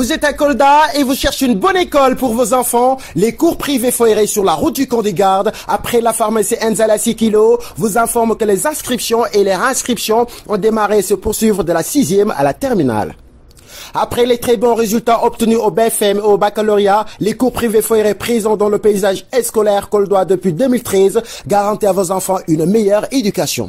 Vous êtes à Colda et vous cherchez une bonne école pour vos enfants Les cours privés foirés sur la route du camp des gardes, après la pharmacie Enzala 6 vous informe que les inscriptions et les réinscriptions ont démarré et se poursuivre de la sixième à la terminale. Après les très bons résultats obtenus au BFM et au baccalauréat, les cours privés foirés présents dans le paysage scolaire coldois depuis 2013 garantissent à vos enfants une meilleure éducation.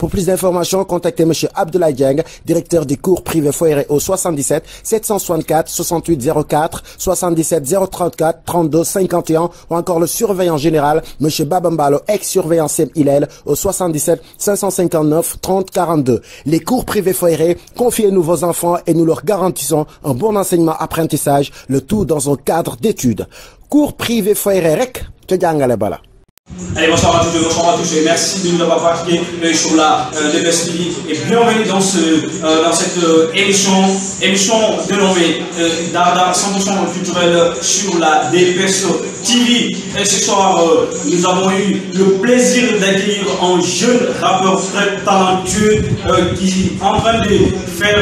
Pour plus d'informations, contactez M. Abdoulaye Dieng, directeur des cours privés foyerés au 77 764 68 04 77 034 32 51 ou encore le surveillant général M. Babambalo, ex-surveillant Sem Hillel au 77 559 30 42. Les cours privés foyerés, confiez-nous vos enfants et nous leur garantissons un bon enseignement-apprentissage, le tout dans un cadre d'études. Cours privés Foiré REC, te bala. Allez, bonsoir à tous, bonsoir à tous et merci de nous avoir participé sur la euh, de TV et bienvenue dans, ce, euh, dans cette euh, émission, émission dénommée sans 100% culturelle sur la DPS TV. Et ce soir, nous avons eu le plaisir d'accueillir un jeune rappeur très talentueux qui est en train de faire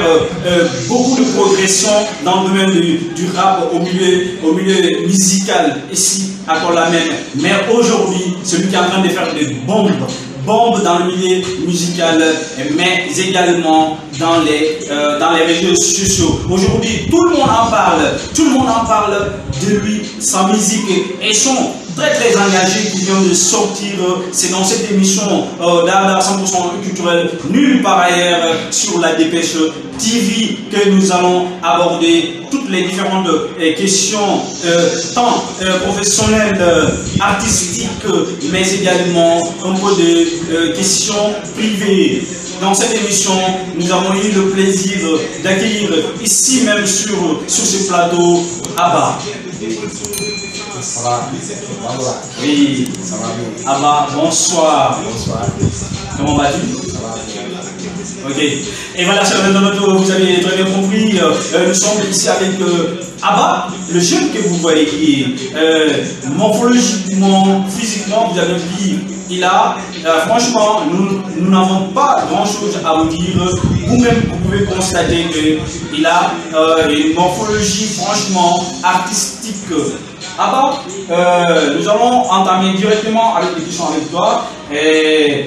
beaucoup de progression dans le domaine du, rap au milieu, au milieu musical. ici encore la même. Mais aujourd'hui, celui qui est en train de faire des bombes, bombes dans le milieu musical, mais également dans les, euh, dans les réseaux sociaux. Aujourd'hui, tout le monde en parle. Tout le monde en parle de lui, sa musique et son très très engagé qui vient de sortir. Euh, c'est dans cette émission euh, 100% culturel, nulle part ailleurs, euh, sur la dépêche TV que nous allons aborder toutes les différentes questions, tant professionnelles, artistiques, mais également un peu de questions privées. Dans cette émission, nous avons eu le plaisir d'accueillir ici même sur, sur ce plateau Abba. Oui, Abba, bonsoir. Comment vas-tu Ok. Et voilà, chers vous avez très bien compris. nous sommes ici avec euh, Abba, le jeune que vous voyez qui est euh, morphologiquement, physiquement, vous avez dit, Il a, euh, franchement, nous n'avons pas grand-chose à vous dire. Vous-même, vous pouvez constater qu'il a une morphologie, franchement, artistique. Abba, nous allons entamer directement avec les questions avec toi. Et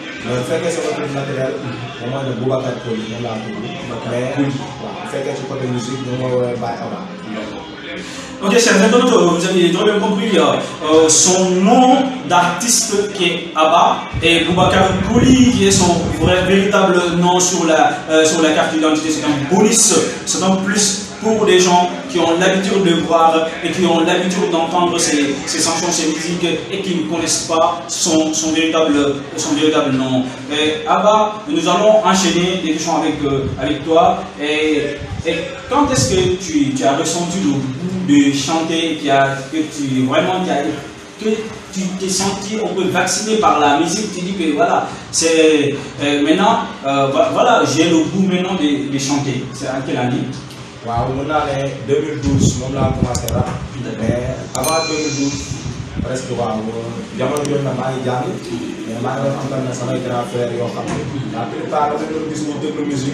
on que côté matériel matériel, ne va mais fait que côté musique nous on va Ok, vous avez bien compris euh, euh, son nom d'artiste qui est Abba et Boubacar Kouli qui est son vrai, véritable nom sur la, euh, sur la carte d'identité. C'est un bonus, c'est un plus pour des gens qui ont l'habitude de voir et qui ont l'habitude d'entendre ses chansons, ces musiques et qui ne connaissent pas son, son véritable, son véritable nom. Et Abba, nous allons enchaîner des chansons avec, avec toi et et quand est-ce que tu, as ressenti le goût de chanter, que tu vraiment que tu t'es senti un peu vacciné par la musique, tu dis que voilà, c'est euh, maintenant, euh, voilà, j'ai le goût maintenant de, chanter. C'est à quelle année Waouh, on année 2012 on l'a commencé là. avant 2012 presque musique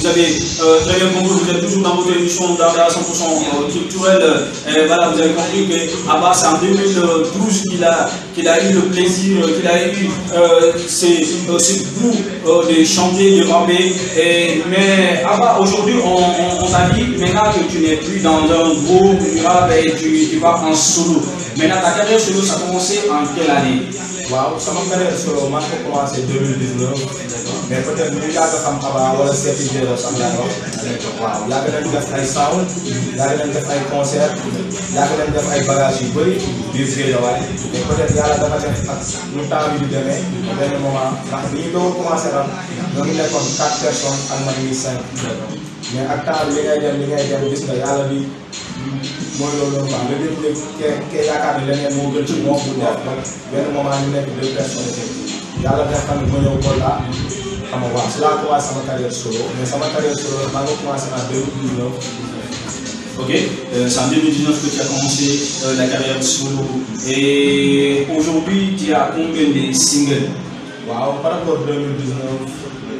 Vous avez euh, très bien compris, vous êtes toujours dans votre émission d'art à 100% culturelle. Et voilà, vous avez compris que Abba c'est en 2012 qu'il a, a eu le plaisir, euh, qu'il a eu euh, euh goût de chanter, de ramper. Et, mais Abba aujourd'hui, on, t'a dit maintenant que tu n'es plus dans un groupe et tu, tu vas en solo. Maintenant, ta carrière solo, ça a commencé en quelle année waaw sama période solo man ko commencé deux mille dix neuf mais peut être ñu yàgg xam xabaar wala seeti jëlee sax laa wax waaw yàgg nañ def ay sound yàgg nañ def ay concert yàgg nañ def ay bagage yu bëri biir jëlee la waaye mais peut être yàlla dafa def ak lu temps bi di demee benn moment ndax ni ñu doon commencé ram ñoo ngi nekkoon quatre personnes ak man ñuy cinq mais ak temps bi ngay dem li ngay dem gis nga yàlla bi carrière c'est en 2019 que tu as commencé euh, la carrière solo. Et aujourd'hui, tu as combien de singles par rapport à 2019,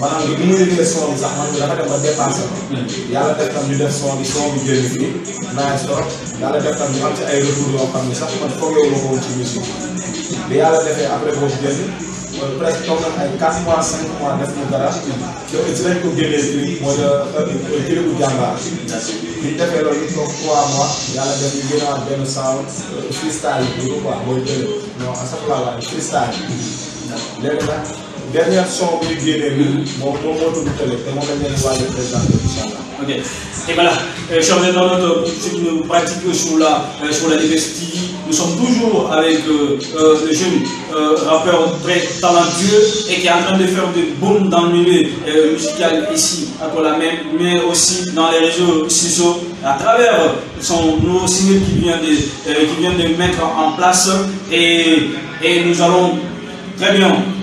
manam bi muy réglé soom sax man dafa ada ba dépassé yàlla def tam ñu def soom bi soom bi jëm fii naa so yàlla def tam ñu am ci ay retour yoo xam ne sax man foogee ma woon ci musique bi yàlla defee après boobu jënd mooy presque toog nag ay quatre mois cinq mois def mu dara yow ci lañ ko génnee si mooy la ëpp ci lépp jàmbaar bi ñu defee loolu ñu toog trois mois yàlla def ñu gën a am benn saa freestyle bi quoi mooy jël non à chaque fois la freestyle léegi nag dernière son bi bien, génnee nii moom tout moo tudd télé mon dernier leen ok et voilà euh, chers internautes si nous pratiquons sur la euh, sur la diversité nous sommes toujours avec euh, le jeune rappeur très talentueux et qui est en train de faire des bons dans le milieu musical ici à même, mais aussi dans les réseaux sociaux à travers son nouveau signe qui vient de qui vient de mettre en place et et nous allons très bien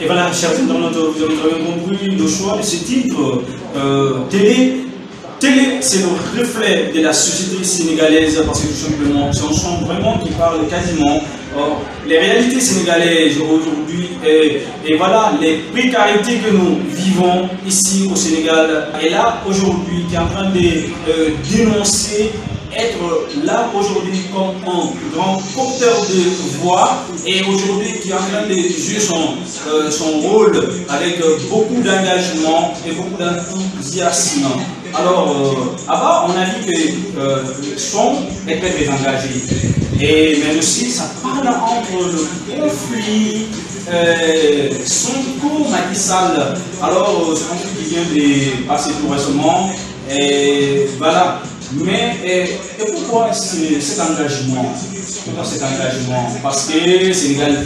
Et voilà, chers dans notre avez bien compris le choix de ce titre. Euh, télé, télé c'est le reflet de la société sénégalaise parce que tout simplement, c'est un chant vraiment qui parle quasiment les réalités sénégalaises aujourd'hui et, et, voilà les précarités que nous vivons ici au Sénégal. Et là, aujourd'hui, qui est en train de euh, dénoncer être là aujourd'hui comme un grand porteur de voix et aujourd'hui qui est en train de jouer son, euh, rôle avec euh, beaucoup d'engagement et beaucoup d'enthousiasme. Alors, à euh, avant, on a dit que est son très engagé Et même aussi, ça parle entre le conflit, son cours Matissal. Alors, c'est un truc qui vient de passer tout récemment. Et voilà, mais et, et pourquoi cet engagement Pourquoi cet engagement Parce que c'est une grande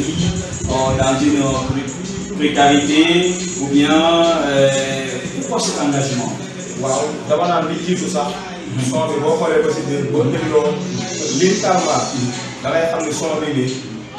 oh, dans une précarité ou bien euh, pourquoi cet engagement waaw on naan en jiitu ça, mhm. son bi boo xoolee ba si biir boo dégloo liñ tàmbaat da ngay xam ni son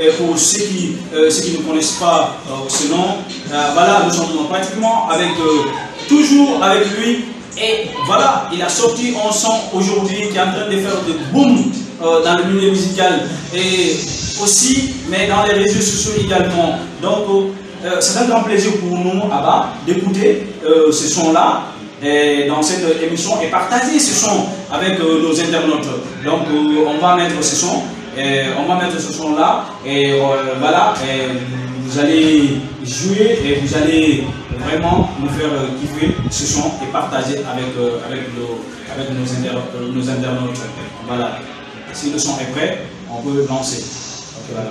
Et pour euh, ceux qui, ne connaissent pas euh, ce nom, euh, voilà, nous sommes pratiquement avec, toujours avec lui. Et voilà, il a sorti un son aujourd'hui qui est en train de faire de boom dans le milieu musical. Et aussi, mais dans les réseaux sociaux également. Donc, c'est un grand plaisir pour nous, là-bas d'écouter ce son-là dans cette émission et partager ce son avec nos internautes. Donc on va mettre ce son on va mettre ce son-là, et euh, voilà, vous allez jouer et vous allez vraiment nous faire kiffer ce son et partager avec, euh, avec, euh, nos, internautes. Voilà. Si le son est prêt, on peut lancer. voilà,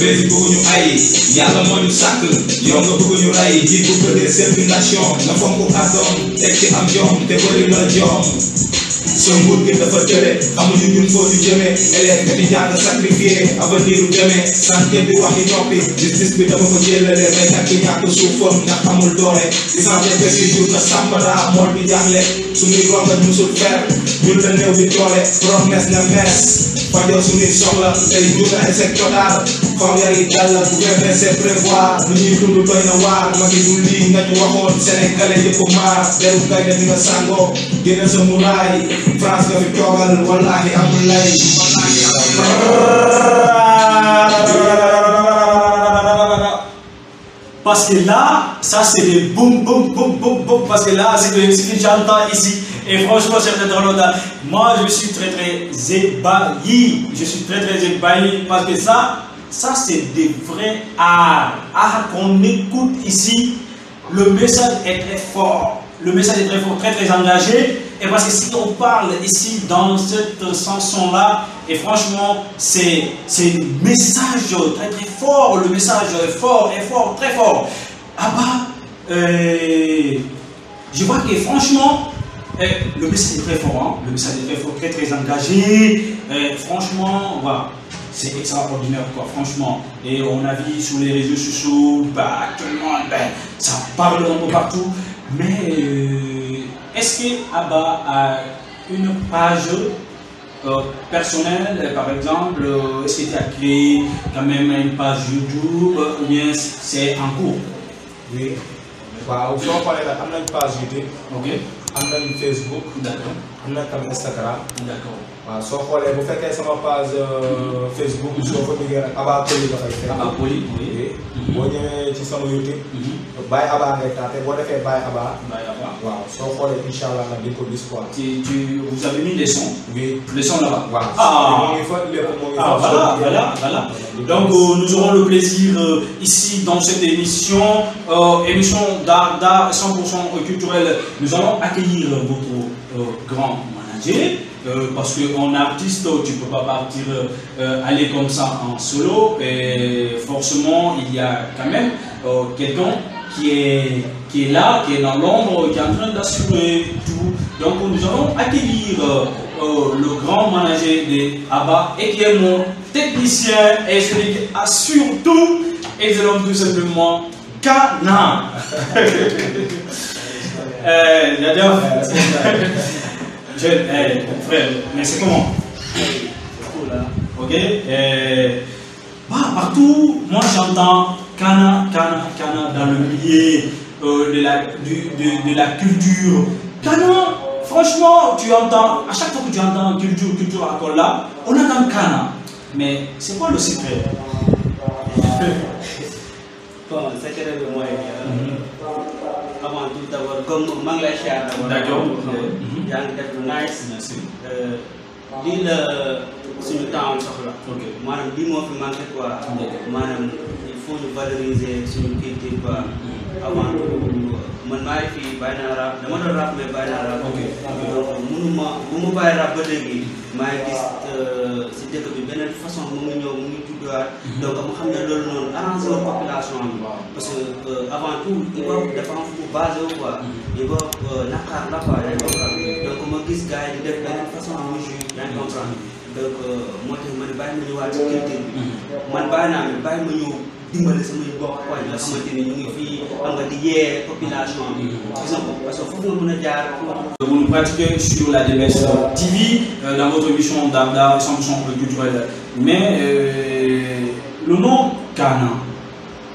mais ñu bëgg ay nga te sa nguur gi dafa jële amuñu ñun foo ñu jëmee élève bi di jàng sacrifié avenir u demee santé bi wax yi noppi justice bi dafa ko jëlale baykat bi ñàkk suuf fam ndax amul doole licence sàmbara mool bi jaaxle suñuy rongat musul fer ñun la néew bi ne promesse na mees fajoo suñuy soxla tey jur ay sectoral faw yar yi dalla bu fekkee c'est na waar ma ngi dul lii nga ñu waxoon sénégalais yëpp maar deru Parce que là, ça c'est des boum boum boum boum boum, parce que là c'est ce que j'entends ici. Et franchement, c'est très internautes, moi je suis très très ébahi. Je suis très très ébahi parce que ça, ça c'est des vrais arts. Arts qu'on écoute ici. Le message est très fort le message est très fort, très très engagé, et parce que si on parle ici dans cette chanson-là, et franchement, c'est un message très très fort, le message est fort, est fort, très fort. Ah bah, euh, je vois que franchement, euh, le message est très fort, hein. le message est très fort, très très engagé, euh, franchement, voilà. C'est extraordinaire, quoi, franchement. Et on a vu sur les réseaux sociaux, bah, tout ben, ça parle un peu partout. Mais euh, est-ce Abba a une page euh, personnelle, par exemple euh, Est-ce que tu as créé quand même une page YouTube ou bien c'est en cours Oui. waaw soo la nag am une page YouTube. ok a une Facebook. d'accord am nañ Instagram. d'accord waaw soo Vous faites fekkee sama page euh, Facebook. soo ko liggéeyal ak Abba Poli dafay Abba Poli oui vous avez mis les sons oui les sons là-bas ah. ah voilà voilà voilà donc euh, nous aurons le plaisir euh, ici dans cette émission euh, émission d'art d'art 100% culturel nous allons accueillir votre grand manager euh, parce qu'en artiste, tu ne peux pas partir euh, aller comme ça en solo. Et forcément, il y a quand même euh, quelqu'un qui est, qui est là, qui est dans l'ombre, qui est en train d'assurer tout. Donc nous allons accueillir le grand manager des ABBA et qui est mon technicien et celui qui assure tout. Et je l'homme tout simplement Kana. Je eh, frère. Mais c'est comment Ok là eh, bah, Partout, moi j'entends Cana, Cana, Cana dans le milieu euh, de, la, culture. Cana, franchement, tu entends, à chaque fois que tu entends culture, culture, à là, on entend Cana. Mais c'est quoi le secret le moi, hein. mhm. kawan-kawan tu kita welcome ke Malaysia dan jom mm-hmm. yang kita tunais di le sini tahun sahaja. Mana lima firman kita, mana info yang baru ini sini kita buat. avant man maa fi fii bàyyi naa rap dama do rap mais bàyyi naa rap. donc mënuma bu ma bàyyi rap ba léegi maay ngi gis ci dëkk bi benen façon mu ngi ñëw mu ngi juddaat. donc mu xam ne loolu noonu arrangé wu population bi. parce que avant tout hip hop dafa am fu basé wu quoi. hip hop naqaar la quoi yaa comprendre donc ma gis gars yi di def beneen façon mu joué yaa comprendre donc moo tax ma ne bàyyi ma ñëwaat ci culture bi. man bàyyi naa mais bàyyi ma ñëw dimbale samay bokk waaye nga xamante ñu ngi fi am nga di yee population bi. parce que foofu nga mën a jaar. Vous nous pratiquez sur la DBS TV, euh, dans votre émission d'Abda, 100% culturelle. Mais euh, le nom Ghana,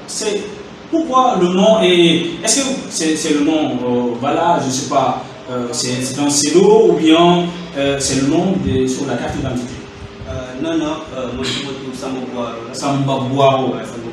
c'est pourquoi le nom est. Est-ce que c'est est le nom, euh, voilà, je ne sais pas, euh, c'est un pseudo ou bien euh, c'est le nom de, sur la carte d'identité Non, non, moi je me trouve Samba Boiro.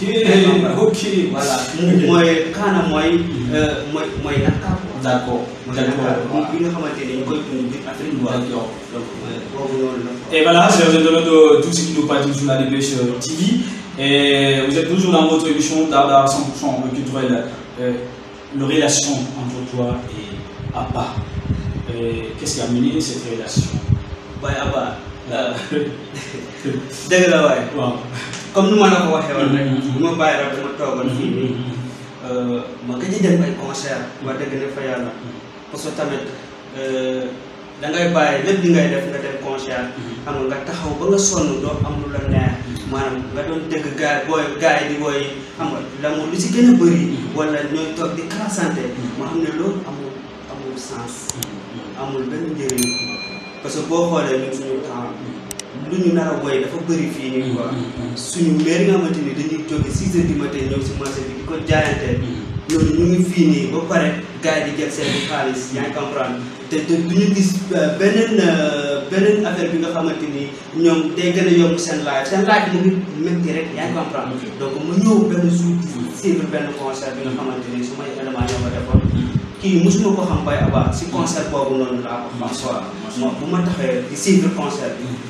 ok, voilà. Moi, quand moi, moi, moi, D'accord. Et voilà, chers internautes de tout ce qui nous passe toujours la dépêche euh, TV. Et eh, vous êtes toujours dans votre émission d'Arda 100% culturel, euh, la relation entre toi et Abba. Eh, qu'est-ce qui a mené cette relation Bah, Abba. Ah. Euh, D'accord, ouais. comme nous m'en avons waxé wala nous ma bay rap dama togal fi ni euh ma gëjë dem ay concert wa dëgg na fa yalla parce que tamit euh da ngay bay lepp di ngay def nga dem concert xam nga taxaw ba nga sonn do am lu la neex manam nga don dëgg gaay boy gaay di boy xam nga la mo lu ci gëna bëri wala ñoy tok di santé mo xam ne lool amul amul sens hmm. amul benn njëriñ parce que boo xoolee ñun suñu temps lu ñu nar dafa bëri fi nii quoi. Mm-hmm, mm-hmm. suñu mbéy nga xamante dañuy jóge 6h du matin ñëw ci marché bi diko jaayante jaayanteel. Mm-hmm. ñooñu ñu ngi fii nii ba pare gaay di jël seen xaalis yaa comprendre té te du gis benen euh, benen euh, affaire bi nga xamante ñom ñoom day gën a yomb seen laaj seen laaj mu ngi métti rek yaa comprendre donc mu ñëw benn jour suivre benn concert bi nga xamante ni élément ñoo ko defoon. kii mosuma ko xam bay abaa si concert boobu noonu laa ko xam. macha bu ma taxee di suivre concert bi.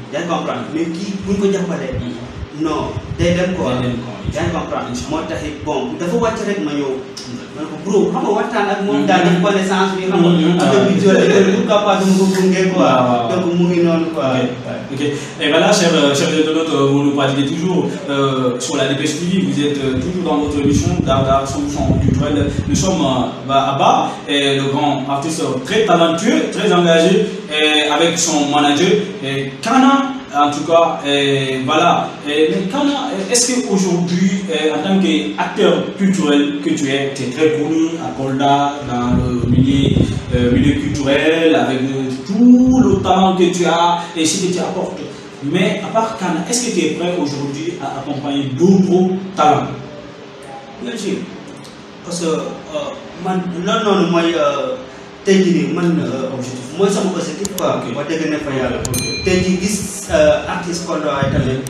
yaa ngi comprendre mais kii bu ñu ko jàppalee. non day dem quoi day dem quoi yaa ngi comprendre moo taxit bon dafa wàcc rek ma ñëw. man ko bro xam nga waxtaan ak moom daal def connaissance bi xam nga affaire bi jël pourquoi pas dama ko gunge quoi donc mu ngi noonu quoi ok et eh, voilà cher euh, cher internautes euh, vous nous pratiquez toujours euh, sur la Dépêche TV vous êtes euh, toujours dans votre émission Dardar solution culturelle nous sommes euh, bah, à bas et le grand artiste très talentueux très engagé et avec son manager et Kana en tout cas, eh, voilà. Eh, eh, est-ce qu'aujourd'hui, en tant qu'acteur culturel que tu es, tu es très connu à Kolda, dans le milieu, euh, culturel, avec euh, tout le talent que tu as et ce que tu apportes. Mais à part Kana, est-ce que tu es prêt aujourd'hui à accompagner d'autres talents Bien sûr. Parce que, euh, non, non, moi, Tadi uh, uh, uh, ah, lah, kan, ni man objektif. Masa muka objectif quoi que ma dégg ne fa yàlla pour que tey jii gis artiste Kondo ay tamit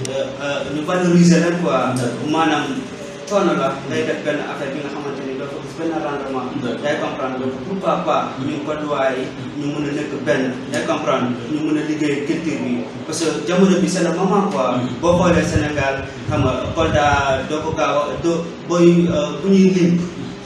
ñu valoriser leen quoi maanaam coono la ngay def benn affaire bi nga xamante ni dafa gis benn rendement. ngay comprendre pourquoi pas ñu ko doy ñu mën a nekk benn ngay comprendre ñu mën a liggéey culture bi parce que jamono bi c' est le moment quoi. Ah. Hmm. boo xoolee lah, Sénégal xam nga Kolda doo ko gaaw a doo booy bu ñuy limp.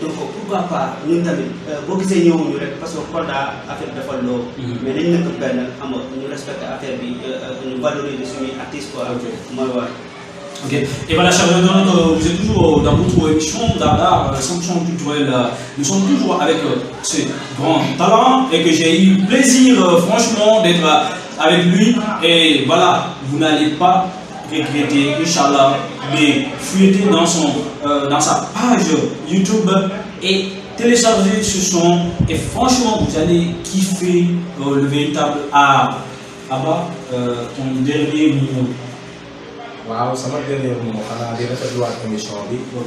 donc pourquoi pas nous tamit euh, beaucoup de ñëwuñu rek parce que Kolda affaire dafa mhm. mais nous nekk benn xam nga ñu respecté affaire bi euh, euh, ñu valoriser artistes quoi. Ok, et voilà, chers auditeurs, vous êtes toujours dans votre émission la sanction culturelle. Nous sommes toujours avec ce grand talent et que j'ai eu plaisir, franchement, d'être avec lui. Et voilà, vous n'allez pas regretter, Inch'Allah, mais fuiter dans, son, euh, dans sa page YouTube et télécharger ce son. Et franchement, vous allez kiffer euh, le véritable art. Abba, euh, ton dernier mot. Waouh, ça m'a dernier mot. Ok.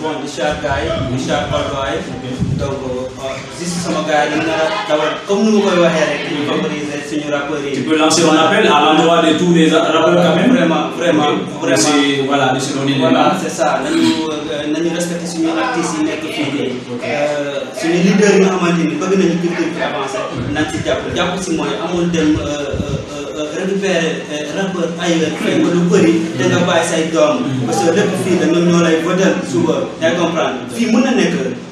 bon di char gars yi di char Padois yi donc euh, si sama gars ni dina dawal comme nous koy waxee rek ñu favoriser suñu rappeurs yi. tu peux lancer un appel à l'endroit de tous les rappeurs quand même. vraiment vraiment vraiment si voilà di si doon voilà c'est ça nañu nañu respecter suñu artistes yi nekk fii nii. suñu leaders yi nga xamante bëgg nañu culture avancer. nañ ci japp japp ci moy amul dem. Euh, euh, je rapport ailleurs fay le lu nga mm-hmm. parce que que comprendre mm-hmm.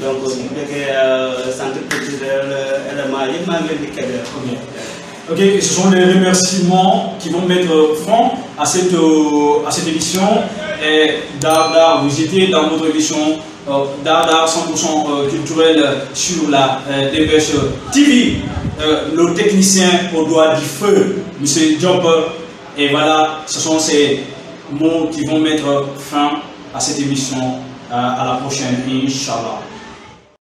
donc bu euh, centre culturel euh, élément yëpp maa ngi leen di ok ce sont les remerciements qui vont mettre fin à cette euh, à cette émission et Dada vous étiez dans notre émission Dada 100% culturel sur la Dépêche TV le technicien au doigt du feu M. Job. et voilà ce sont ces mots qui vont mettre fin à cette émission à la prochaine Inch'Allah.